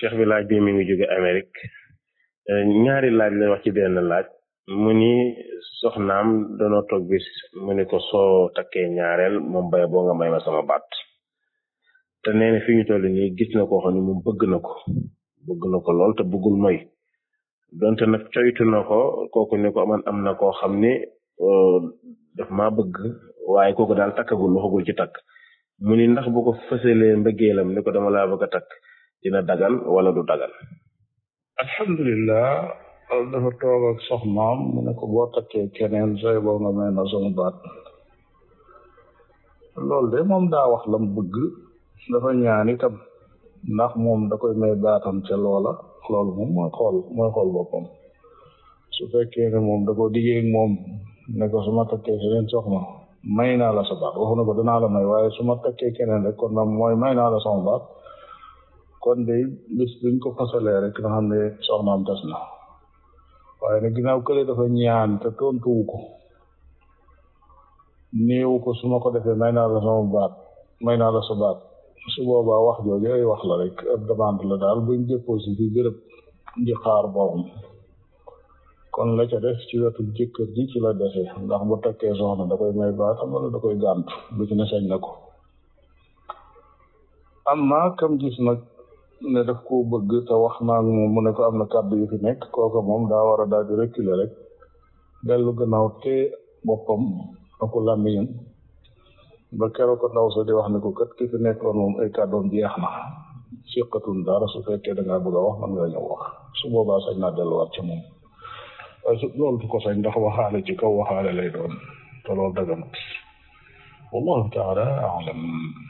cheikh bi laaj bi mi ngi jóge Amérique euh, ñaari laaj la wax ci benn laaj mu ni soxnaam danoo toog bis mu ni ko soo takkee ñaareel moom bay boo nga may ma sama baat te nee na fi ñu toll nii gis na koo xam ne moom bëgg na ko bëgg ko lool te bëggul mooy donte nag coytu na ko kooku ne ko man am na koo xam ne euh, daf maa bëgg waaye kooku daal takkagul waxagul ci takk mu ni ndax bu ko fësalee mbëggeelam ne ko dama laa bëgg a takk dina dagan wala du dagan alhamdulilah dafa toog sox maam mu ne ko boo takkee keneen soo boo nga may na sama baat loolu de moom daa wax lam bëgg dafa ñaan itam ndax moom da koy may baatam ca loola loolu moom mooy xool mooy xool boppam su fekkee moom da ko diggee moom ne ko su ma takkee keneen soxna naa la sa baat waxu na ko danaa la su ma takkee keneen rek kon nag mooy may naa baat kon de bis buñ ko fasalee rek na xam ne soxnaam tas na waaye nag ginnaaw kële dafa ñaan te tontuwu ko néewu ko su ma ko defee may naa la sama baat may naa la sa baat su boobaa wax jooju ay wax la rek ab demande la daal buñ déposé fi béréb di xaar borom kon la ca def ci wetu jëkkër ji ci la defe ndax bu takkee soxna da koy may baatam wala da koy gàntu bu ci ne sañ na ko amma kam gis nag ne daf ko bëgg te wax naa moom mu ne ko am na kàddu yu fi nekk kooka moom daa war a daal di reculer rek dellu ganaaw te boppam ak làmmiñam ba keroog ko ndaw sa di wax ne ko kat ki fi nekkoon moom ay kàddoom jeex na siqatun dara su fekkee a ngaa bëgg a wax man nga ñëw wax su boobaa sañ naa delluwaat ci moom waaye su loolu du ko sañ ndax waxaale ci kaw waxaale lay doon te loolu daganut wallahu taala alam